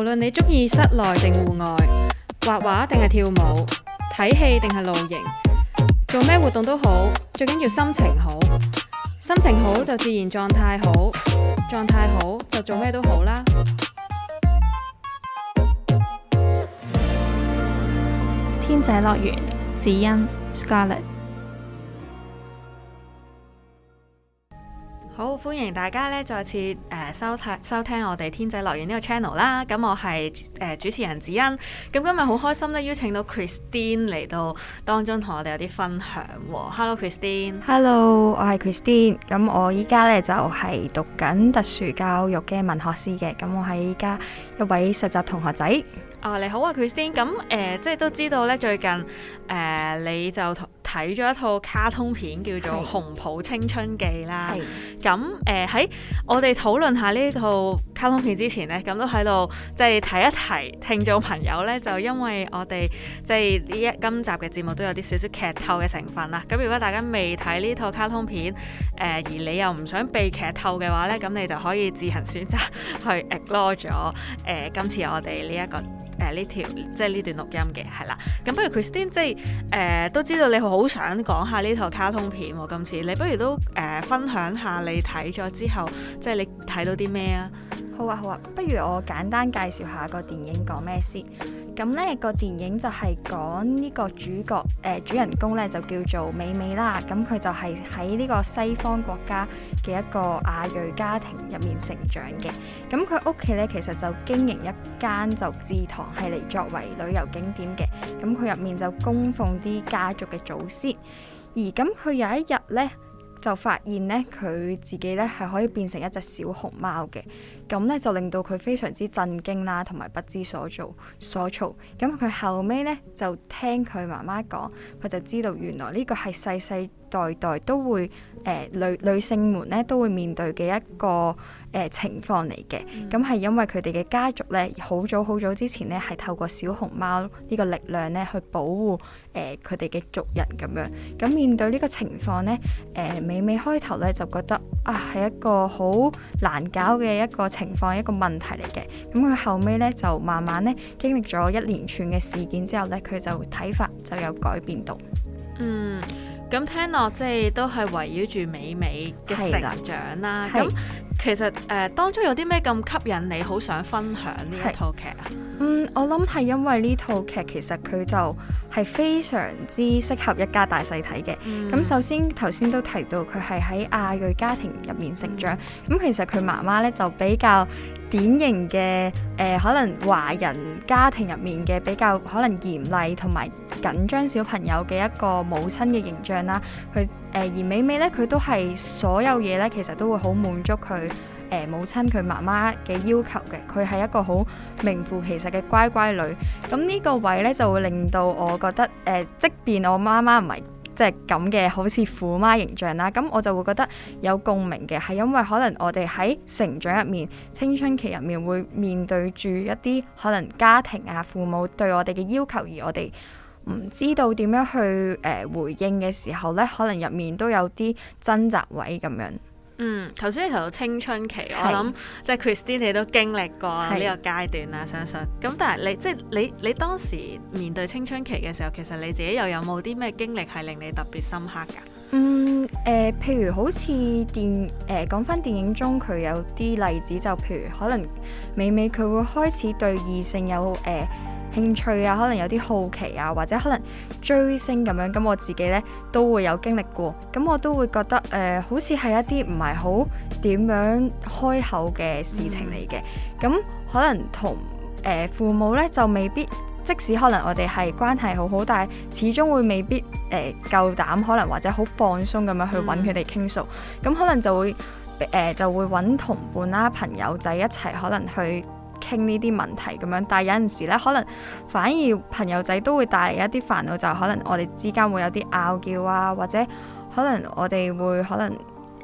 無論你中意室內定戶外，畫畫定係跳舞，睇戲定係露營，做咩活動都好，最緊要心情好。心情好就自然狀態好，狀態好就做咩都好啦。天仔樂園，指欣，Scarlett。Scar 好，歡迎大家咧再次誒、呃、收聽收聽我哋天仔樂園呢個 channel 啦。咁、嗯、我係誒、呃、主持人子欣，咁、嗯、今日好開心咧邀請到 Christine 嚟到當中同我哋有啲分享、哦。Hello，Christine。Hello，我係 Christine。咁我依家咧就係、是、讀緊特殊教育嘅文學師嘅，咁我係依家一位實習同學仔。啊，你好啊，Christine。咁誒、呃，即係都知道咧，最近誒、呃、你就睇咗一套卡通片叫做《熊抱青春記》啦。係。咁誒喺我哋討論下呢套卡通片之前呢，咁都喺度即係提一提聽眾朋友呢，就因為我哋即係呢一今集嘅節目都有啲少少劇透嘅成分啦。咁如果大家未睇呢套卡通片，誒、呃、而你又唔想被劇透嘅話呢，咁你就可以自行選擇去 ignore 咗誒、呃、今次我哋呢一個。誒呢、呃、條即係呢段錄音嘅，係啦。咁不如 Kristin 即係誒、呃、都知道你好想講下呢套卡通片喎、啊，今次你不如都誒、呃、分享下你睇咗之後，即係你睇到啲咩啊？好啊好啊，不如我簡單介紹下個電影講咩先。咁呢個電影就係講呢個主角誒、呃、主人公呢就叫做美美啦，咁佢就係喺呢個西方國家嘅一個亞裔家庭入面成長嘅。咁佢屋企呢，其實就經營一間就祠堂，係嚟作為旅遊景點嘅。咁佢入面就供奉啲家族嘅祖先。而咁佢有一日呢，就發現咧，佢自己咧係可以變成一隻小熊貓嘅，咁咧就令到佢非常之震驚啦，同埋不知所措。所措，咁佢後尾咧就聽佢媽媽講，佢就知道原來呢個係細細。代代都會誒、呃、女女性們咧都會面對嘅一個誒、呃、情況嚟嘅，咁係 因為佢哋嘅家族咧好早好早之前咧係透過小熊貓呢個力量咧去保護誒佢哋嘅族人咁樣。咁面對呢個情況咧，誒美美開頭咧就覺得啊係一個好難搞嘅一個情況，一個問題嚟嘅。咁佢後尾咧就慢慢咧經歷咗一連串嘅事件之後咧，佢就睇法就有改變到。嗯。 咁聽落即係都係圍繞住美美嘅成長啦，咁。其實誒、呃、當中有啲咩咁吸引你，好想分享呢一套劇啊？嗯，我諗係因為呢套劇其實佢就係非常之適合一家大細睇嘅。咁、嗯、首先頭先都提到佢係喺亞裔家庭入面成長，咁、嗯、其實佢媽媽呢，就比較典型嘅誒、呃，可能華人家庭入面嘅比較可能嚴厲同埋緊張小朋友嘅一個母親嘅形象啦。佢誒、呃、而美美呢，佢都係所有嘢呢，其實都會好滿足佢。母親佢媽媽嘅要求嘅，佢係一個好名副其實嘅乖乖女。咁呢個位呢，就會令到我覺得誒、呃，即便我媽媽唔係即係咁嘅，好似虎媽形象啦，咁我就會覺得有共鳴嘅，係因為可能我哋喺成長入面、青春期入面會面對住一啲可能家庭啊、父母對我哋嘅要求而我哋唔知道點樣去誒、呃、回應嘅時候呢，可能入面都有啲掙扎位咁樣。嗯，頭先你提到青春期，是我諗即係 Kristin 你都經歷過呢個階段啦，是相信。咁但係你即係你你當時面對青春期嘅時候，其實你自己又有冇啲咩經歷係令你特別深刻噶？嗯，誒、呃，譬如好似電、誒講返電影中佢有啲例子，就譬如可能美美佢會開始對異性有誒、呃興趣啊，可能有啲好奇啊，或者可能追星咁樣，咁我自己呢，都會有經歷過，咁我都會覺得誒、呃，好似係一啲唔係好點樣開口嘅事情嚟嘅，咁、嗯嗯、可能同、呃、父母呢，就未必，即使可能我哋係關係好好，但係始終會未必誒夠膽，呃、可能或者好放鬆咁樣去揾佢哋傾訴，咁、嗯嗯嗯、可能就會誒、呃、就會搵同伴啦、朋友仔一齊，可能去。傾呢啲問題咁樣，但係有陣時咧，可能反而朋友仔都會帶嚟一啲煩惱，就係、可能我哋之間會有啲拗撬啊，或者可能我哋會可能誒、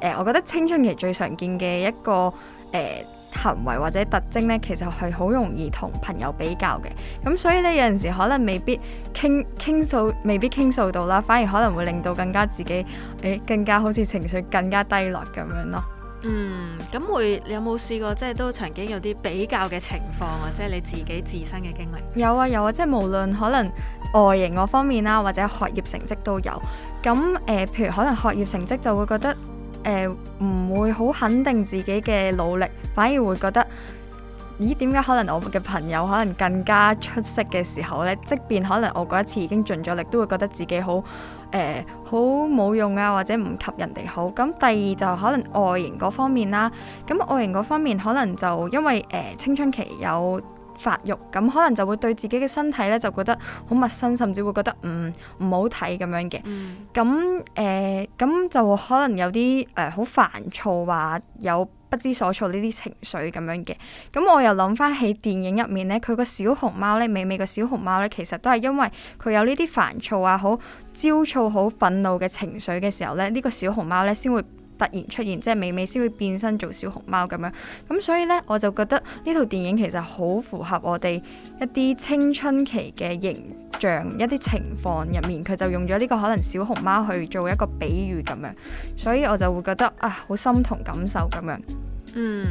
呃，我覺得青春期最常見嘅一個誒、呃、行為或者特徵咧，其實係好容易同朋友比較嘅，咁所以咧，有陣時可能未必傾傾訴，未必傾訴到啦，反而可能會令到更加自己誒、欸、更加好似情緒更加低落咁樣咯。嗯，咁會你有冇試過？即係都曾經有啲比較嘅情況啊，即係你自己自身嘅經歷。有啊有啊，即係無論可能外形嗰方面啦，或者學業成績都有。咁誒、呃，譬如可能學業成績就會覺得誒唔、呃、會好肯定自己嘅努力，反而會覺得，咦，點解可能我嘅朋友可能更加出色嘅時候呢？即便可能我嗰一次已經盡咗力，都會覺得自己好。誒，好冇、呃、用啊，或者唔及人哋好。咁第二就可能外形嗰方面啦。咁外形嗰方面可能就因為誒、呃、青春期有發育，咁可能就會對自己嘅身體咧就覺得好陌生，甚至會覺得唔唔、嗯、好睇，咁樣嘅。咁誒、嗯、咁、呃、就可能有啲誒好煩躁，話有。不知所措呢啲情緒咁樣嘅，咁我又諗翻起電影入面呢，佢個小熊貓呢，美美個小熊貓呢，其實都係因為佢有呢啲煩躁啊、好焦躁、好憤怒嘅情緒嘅時候呢，呢、呢個小熊貓呢先會，突然出現，即係美美先會變身做小熊貓咁樣，咁所以呢，我就覺得呢套電影其實好符合我哋一啲青春期嘅形象、一啲情況入面，佢就用咗呢個可能小熊貓去做一個比喻咁樣，所以我就會覺得啊，好心同感受咁樣。嗯，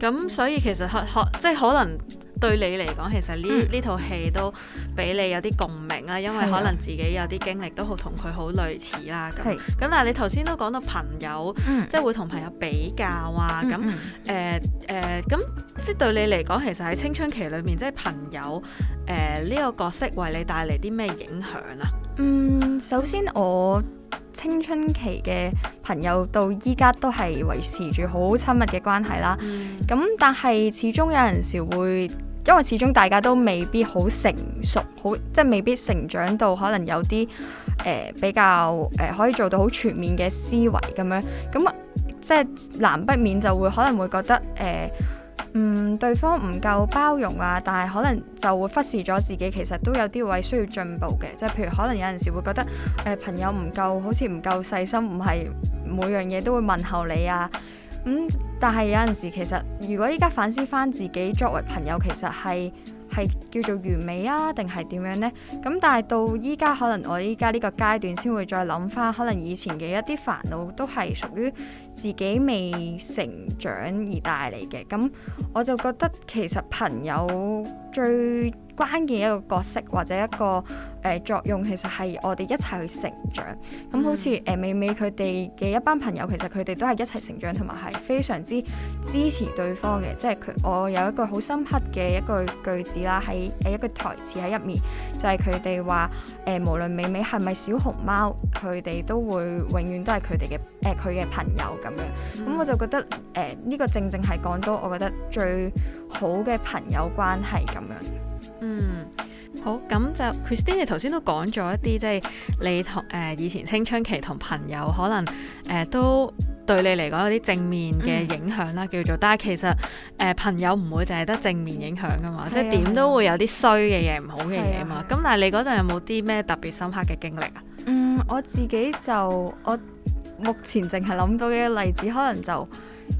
咁所以其實可可即係可能。對你嚟講，其實呢呢套戲都俾你有啲共鳴啦，因為可能自己有啲經歷都好同佢好類似啦。咁咁的，但係你頭先都講到朋友，即係、嗯、會同朋友比較啊。咁誒誒，咁即係對你嚟講，其實喺青春期裏面，即係朋友誒呢個角色為你帶嚟啲咩影響啊？嗯，首先我青春期嘅朋友到依家都係維持住好親密嘅關係啦。咁、嗯、但係始終有陣時會。因為始終大家都未必好成熟，好即係未必成長到可能有啲誒、呃、比較誒、呃、可以做到好全面嘅思維咁樣，咁即係難不免就會可能會覺得誒、呃、嗯對方唔夠包容啊，但係可能就會忽視咗自己其實都有啲位需要進步嘅，即係譬如可能有陣時會覺得誒、呃、朋友唔夠好似唔夠細心，唔係每樣嘢都會問候你啊。咁、嗯、但係有陣時，其實如果依家反思翻自己作為朋友，其實係係叫做完美啊，定係點樣呢？咁但係到依家，可能我依家呢個階段先會再諗翻，可能以前嘅一啲煩惱都係屬於自己未成長而帶嚟嘅。咁我就覺得其實朋友最關鍵一個角色或者一個誒、呃、作用，其實係我哋一齊去成長。咁好似誒、mm. 呃、美美佢哋嘅一班朋友，其實佢哋都係一齊成長，同埋係非常之支持對方嘅。即係佢我有一句好深刻嘅一句句子啦，喺誒一個台詞喺入面，就係佢哋話誒，無論美美係咪小熊貓，佢哋都會永遠都係佢哋嘅誒佢嘅朋友咁樣。咁我就覺得誒呢、呃呢個正正係講到我覺得最好嘅朋友關係咁樣。嗯，好，咁就 Christine，你頭先都講咗一啲，即係你同誒、呃、以前青春期同朋友可能誒、呃、都對你嚟講有啲正面嘅影響啦，嗯、叫做，但係其實誒、呃、朋友唔會淨係得正面影響噶嘛，嗯、即係點都會有啲衰嘅嘢、唔好嘅嘢啊嘛，咁、嗯、但係你嗰陣有冇啲咩特別深刻嘅經歷啊？嗯，我自己就我目前淨係諗到嘅例子，可能就。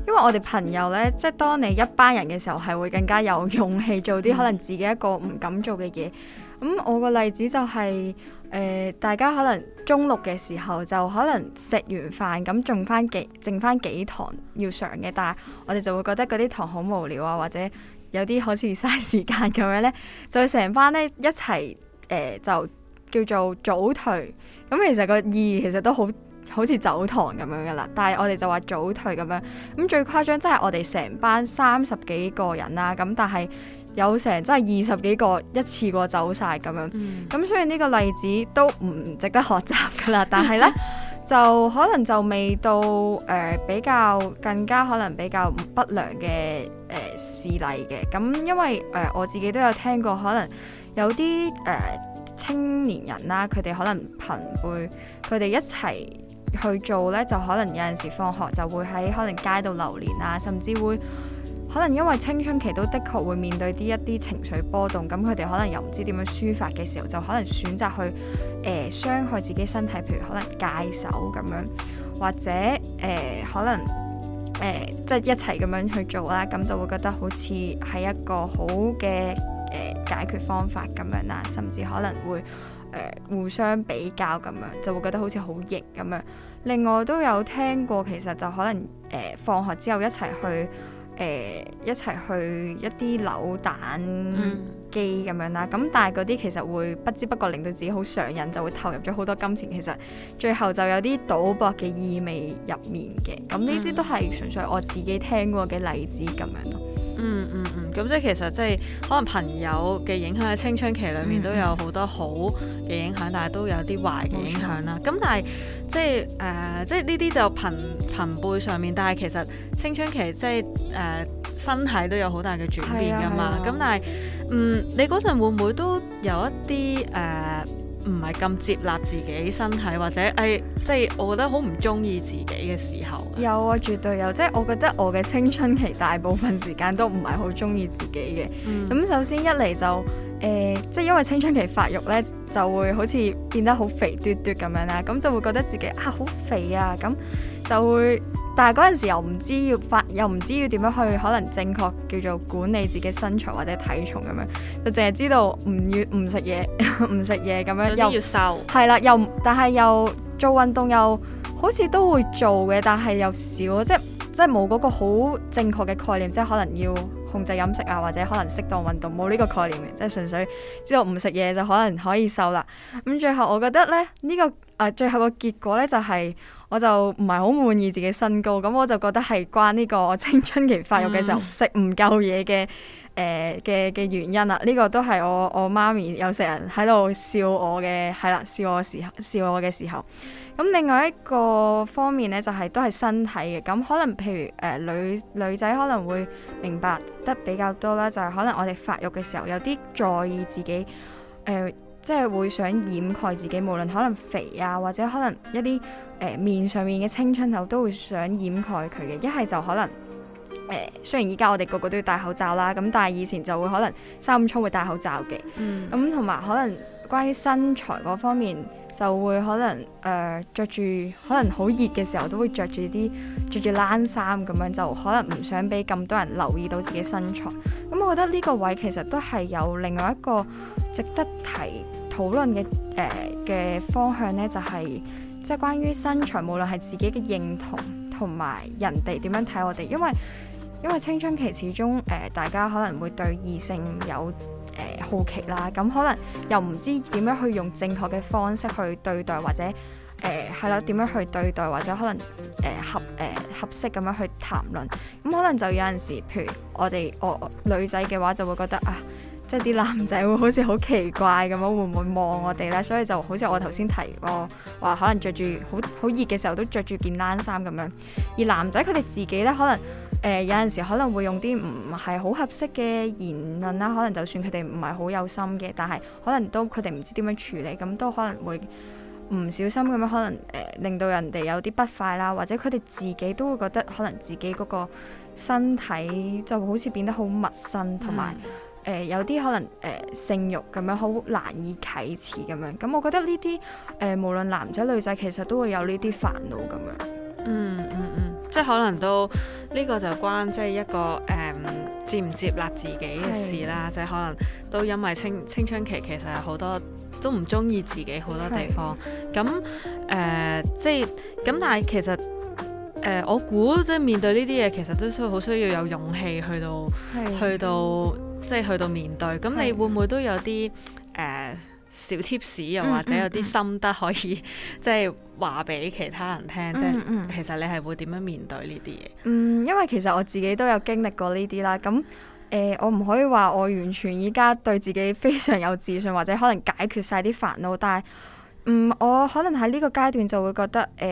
因為我哋朋友呢，即係當你一班人嘅時候，係會更加有勇氣做啲可能自己一個唔敢做嘅嘢。咁、嗯嗯、我個例子就係、是，誒、呃，大家可能中六嘅時候就可能食完飯，咁仲翻幾剩翻幾堂要上嘅，但係我哋就會覺得嗰啲堂好無聊啊，或者有啲好似嘥時間咁樣呢，就成班呢一齊，誒、呃，就叫做早退。咁、嗯、其實個意義其實都好。好似走堂咁樣噶啦，但係我哋就話早退咁樣，咁最誇張真係我哋成班三十幾個人啦，咁但係有成真係二十幾個一次過走晒咁樣，咁所以呢個例子都唔值得學習噶啦，但係呢， 就可能就未到誒、呃、比較更加可能比較不良嘅誒事例嘅，咁因為誒、呃、我自己都有聽過，可能有啲誒、呃、青年人啦，佢哋可能朋輩佢哋一齊。去做呢，就可能有陣時放學就會喺可能街度流連啊，甚至會可能因為青春期都的確會面對啲一啲情緒波動，咁佢哋可能又唔知點樣抒發嘅時候，就可能選擇去誒、呃、傷害自己身體，譬如可能戒手咁樣，或者誒、呃、可能誒即係一齊咁樣去做啦，咁就會覺得好似係一個好嘅誒、呃、解決方法咁樣啦，甚至可能會。呃、互相比較咁樣，就會覺得好似好型咁樣。另外都有聽過，其實就可能誒、呃，放學之後一齊去誒、呃，一齊去一啲扭蛋機咁樣啦。咁但係嗰啲其實會不知不覺令到自己好上癮，就會投入咗好多金錢。其實最後就有啲賭博嘅意味入面嘅。咁呢啲都係純粹我自己聽過嘅例子咁樣咯。咁即係其實即係可能朋友嘅影響喺青春期裏面都有好多好嘅影響，但係都有啲壞嘅影響啦。咁錯但係即係誒，即係呢啲就朋朋輩上面，但係其實青春期即係誒、呃、身體都有好大嘅轉變㗎嘛。咁但係嗯，你嗰陣會唔會都有一啲誒、呃唔係咁接納自己身體或者誒，即係我覺得好唔中意自己嘅時候。有啊，絕對有。即係我覺得我嘅青春期大部分時間都唔係好中意自己嘅。咁、嗯、首先一嚟就。誒、呃，即係因為青春期發育呢，就會好似變得好肥嘟嘟咁樣啦，咁就會覺得自己啊好肥啊，咁就會，但係嗰陣時又唔知要發，又唔知要點樣去可能正確叫做管理自己身材或者體重咁樣，就淨係知道唔要唔食嘢，唔食嘢咁樣，有啲又要瘦，係啦，又但係又做運動又好似都會做嘅，但係又少，即係即係冇嗰個好正確嘅概念，即係可能要。控制飲食啊，或者可能適當運動，冇呢個概念嘅，即係純粹知道唔食嘢就可能可以瘦啦。咁最後我覺得呢，呢、這個誒、呃、最後個結果呢，就係、是，我就唔係好滿意自己身高，咁我就覺得係關呢個青春期發育嘅時候食唔夠嘢嘅。嗯誒嘅嘅原因啦，呢個都係我我媽咪有成日喺度笑我嘅，係啦，笑我時候笑我嘅時候。咁另外一個方面呢，就係都係身體嘅。咁可能譬如誒女女仔可能會明白得比較多啦，就係可能我哋發育嘅時候有啲在意自己，誒即係會想掩蓋自己，無論可能肥啊，或者可能一啲誒面上面嘅青春痘，都會想掩蓋佢嘅。一係就可能。誒，雖然依家我哋個個都要戴口罩啦，咁但係以前就會可能三五嬸會戴口罩嘅。咁同埋可能關於身材嗰方面，就會可能誒、呃、著住，可能好熱嘅時候都會着住啲着住冷衫咁樣，就可能唔想俾咁多人留意到自己身材。咁我覺得呢個位其實都係有另外一個值得提討論嘅誒嘅方向呢，就係即係關於身材，無論係自己嘅認同同埋人哋點樣睇我哋，因為。因為青春期始終誒、呃，大家可能會對異性有誒、呃、好奇啦，咁可能又唔知點樣去用正確嘅方式去對待或者誒係咯，點、呃、樣去對待或者可能誒、呃、合誒、呃、合適咁樣去談論，咁、嗯、可能就有陣時，譬如我哋我、哦、女仔嘅話就會覺得啊，即係啲男仔會好似好奇怪咁樣，會唔會望我哋咧？所以就好似我頭先提過話，可能着住好好熱嘅時候都着住件冷衫咁樣，而男仔佢哋自己咧可能。誒、呃、有陣時可能會用啲唔係好合適嘅言論啦，可能就算佢哋唔係好有心嘅，但係可能都佢哋唔知點樣處理，咁都可能會唔小心咁樣，可能誒、呃、令到人哋有啲不快啦，或者佢哋自己都會覺得可能自己嗰個身體就好似變得好陌生，同埋誒有啲、呃、可能誒、呃、性慾咁樣好難以啟齒咁樣。咁我覺得呢啲誒無論男仔女仔，其實都會有呢啲煩惱咁樣。嗯嗯嗯。嗯嗯即係可能都呢、這個就關即係一個誒、嗯、接唔接納自己嘅事啦，的即係可能都因為青青春期其實有好多都唔中意自己好多地方，咁誒的、呃、即係咁，但係其實誒、呃、我估即係面對呢啲嘢，其實都需要好需要有勇氣去到的去到即係去到面對，咁的你會唔會都有啲誒？呃小 tips 又或者有啲心得可以即係話俾其他人聽，即係其實你係會點樣面對呢啲嘢？嗯，因為其實我自己都有經歷過呢啲啦，咁誒、呃、我唔可以話我完全依家對自己非常有自信，或者可能解決晒啲煩惱，但係嗯、呃、我可能喺呢個階段就會覺得誒誒、呃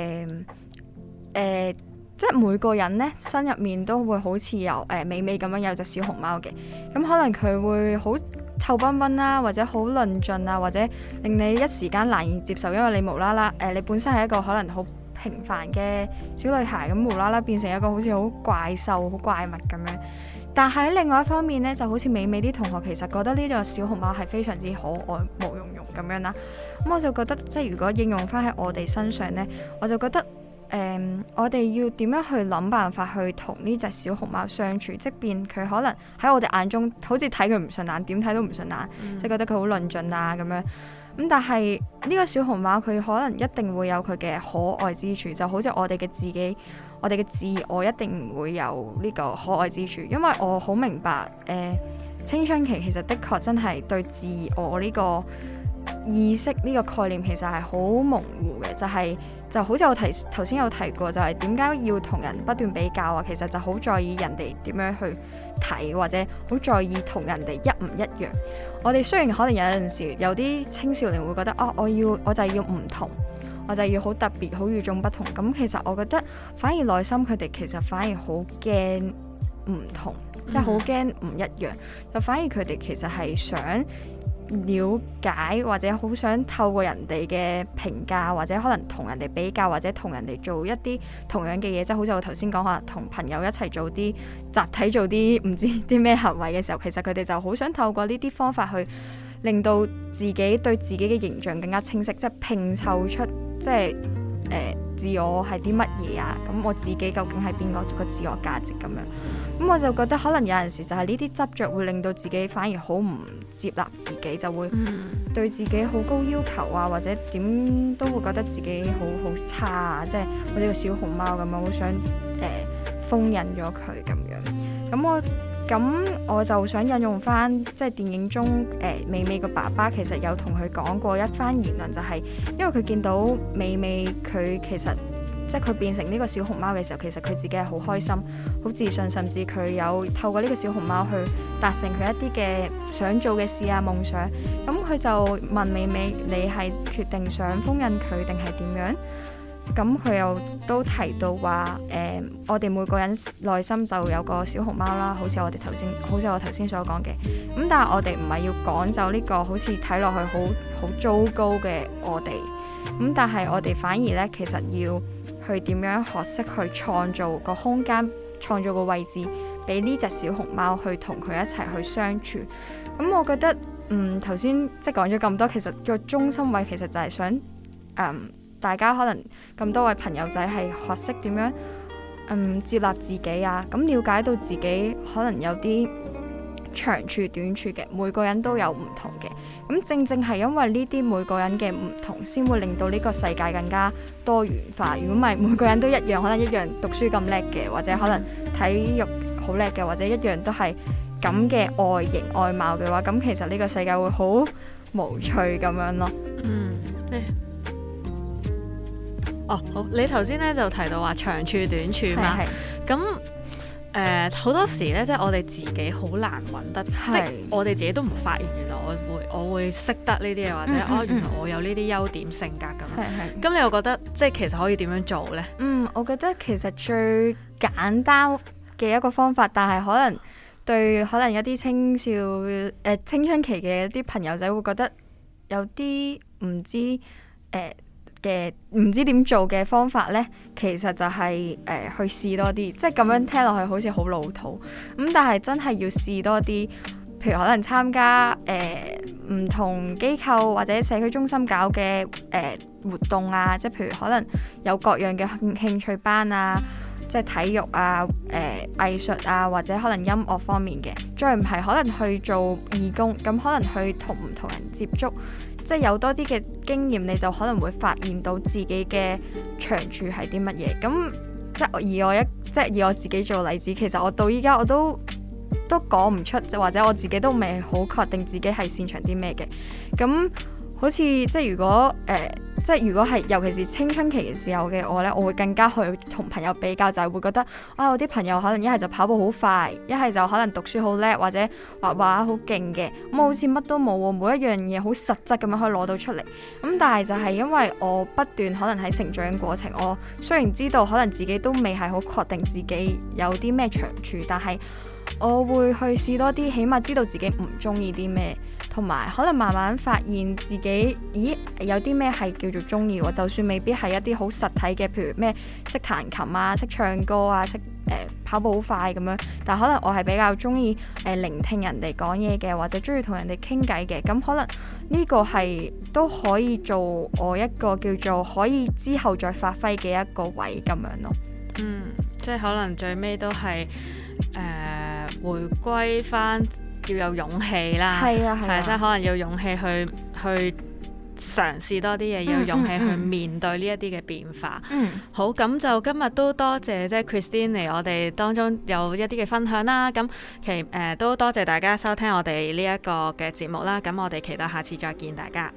呃、即係每個人呢，身入面都會好似有誒美美咁樣有隻小熊貓嘅，咁可能佢會好。臭崩崩啦，或者好論盡啊，或者令你一時間難以接受，因為你無啦啦誒，你本身係一個可能好平凡嘅小女孩，咁無啦啦變成一個好似好怪獸、好怪物咁樣。但係另外一方面呢，就好似美美啲同學其實覺得呢隻小熊貓係非常之可愛、毛茸茸咁樣啦。咁、嗯、我就覺得，即係如果應用翻喺我哋身上呢，我就覺得。誒，um, 我哋要點樣去諗辦法去同呢隻小熊貓相處？即便佢可能喺我哋眼中好似睇佢唔順眼，點睇都唔順眼，嗯、即係覺得佢好論盡啊咁樣。咁但係呢、這個小熊貓佢可能一定會有佢嘅可愛之處，就好似我哋嘅自己，我哋嘅自我一定會有呢個可愛之處，因為我好明白誒、呃，青春期其實的確真係對自我呢、這個。意識呢個概念其實係好模糊嘅，就係，就好似我提頭先有提過，就係點解要同人不斷比較啊？其實就好在意人哋點樣去睇，或者好在意同人哋一唔一樣。我哋雖然可能有陣時有啲青少年會覺得哦，我要我就要唔同，我就要好特別，好與眾不同。咁其實我覺得反而內心佢哋其實反而好驚唔同，即係好驚唔一樣，就反而佢哋其實係想。了解，或者好想透過人哋嘅評價，或者可能同人哋比較，或者同人哋做一啲同樣嘅嘢，即係好似我頭先講話，同朋友一齊做啲集體做啲唔知啲咩行為嘅時候，其實佢哋就好想透過呢啲方法去令到自己對自己嘅形象更加清晰，即係拼湊出即係。就是誒自我係啲乜嘢啊？咁我自己究竟係邊個個自我價值咁樣？咁我就覺得可能有陣時就係呢啲執着會令到自己反而好唔接納自己，就會對自己好高要求啊，或者點都會覺得自己好好差啊，即係好似個小熊貓咁啊，好想誒、呃、封印咗佢咁樣。咁我。咁我就想引用翻，即、就、係、是、電影中誒、呃，美美個爸爸其實有同佢講過一番言論、就是，就係因為佢見到美美佢其實即係佢變成呢個小熊貓嘅時候，其實佢自己係好開心、好自信，甚至佢有透過呢個小熊貓去達成佢一啲嘅想做嘅事啊、夢想。咁佢就問美美：你係決定想封印佢定係點樣？咁佢、嗯、又都提到話，誒、嗯，我哋每個人內心就有個小熊貓啦，好似我哋頭先，好似我頭先所講嘅。咁、嗯、但係我哋唔係要趕走呢、呢個好似睇落去好好糟糕嘅我哋。咁、嗯、但係我哋反而呢，其實要去點樣學識去創造個空間，創造個位置，俾呢隻小熊貓去同佢一齊去相處。咁、嗯、我覺得，嗯，頭先即係講咗咁多，其實個中心位其實就係想，嗯。大家可能咁多位朋友仔係學識點樣，嗯，接納自己啊，咁了解到自己可能有啲長處短處嘅，每個人都有唔同嘅。咁正正係因為呢啲每個人嘅唔同，先會令到呢個世界更加多元化。如果唔係，每個人都一樣，可能一樣讀書咁叻嘅，或者可能體育好叻嘅，或者一樣都係咁嘅外形外貌嘅話，咁其實呢個世界會好無趣咁樣咯。嗯。哦，好！你頭先咧就提到話長處短處嘛，咁誒好多時咧，即係我哋自己好難揾得，即係我哋自己都唔發現，嗯嗯嗯、哦，原來我會我會識得呢啲嘢，或者哦原來我有呢啲優點性格咁樣。咁你又覺得即係其實可以點樣做咧？嗯，我覺得其實最簡單嘅一個方法，但係可能對可能一啲青少誒青春期嘅一啲朋友仔會覺得有啲唔知誒。呃嘅唔知點做嘅方法呢，其實就係、是、誒、呃、去試多啲，即係咁樣聽落去好似好老土，咁、嗯、但係真係要試多啲，譬如可能參加誒唔、呃、同機構或者社區中心搞嘅誒、呃、活動啊，即係譬如可能有各樣嘅興趣班啊，即係體育啊、誒、呃、藝術啊或者可能音樂方面嘅，再唔係可能去做義工，咁可能去同唔同人接觸。即係有多啲嘅經驗，你就可能會發現到自己嘅長處係啲乜嘢。咁即係以我一即係以我自己做例子，其實我到依家我都都講唔出，或者我自己都未好確定自己係擅長啲咩嘅。咁好似即係如果誒、呃即係如果係，尤其是青春期嘅時候嘅我呢，我會更加去同朋友比較，就係、是、會覺得啊，我啲朋友可能一係就跑步好快，一係就可能讀書好叻，或者畫畫好勁嘅，咁好似乜都冇，每一樣嘢好實質咁樣可以攞到出嚟。咁、嗯、但係就係因為我不斷可能喺成長過程，我雖然知道可能自己都未係好確定自己有啲咩長處，但係。我會去試多啲，起碼知道自己唔中意啲咩，同埋可能慢慢發現自己，咦，有啲咩係叫做中意。就算未必係一啲好實體嘅，譬如咩識彈琴啊、識唱歌啊、識誒、呃、跑步好快咁樣。但可能我係比較中意誒聆聽人哋講嘢嘅，或者中意同人哋傾偈嘅。咁可能呢個係都可以做我一個叫做可以之後再發揮嘅一個位咁樣咯。嗯，即係可能最尾都係誒。呃回歸返要有勇氣啦，係啊，係啊，即係可能要勇氣去去嘗試多啲嘢，要勇氣去面對呢一啲嘅變化。嗯，嗯嗯好，咁就今日都多謝即係 Christine 嚟我哋當中有一啲嘅分享啦。咁其實都、呃、多謝大家收聽我哋呢一個嘅節目啦。咁我哋期待下次再見大家。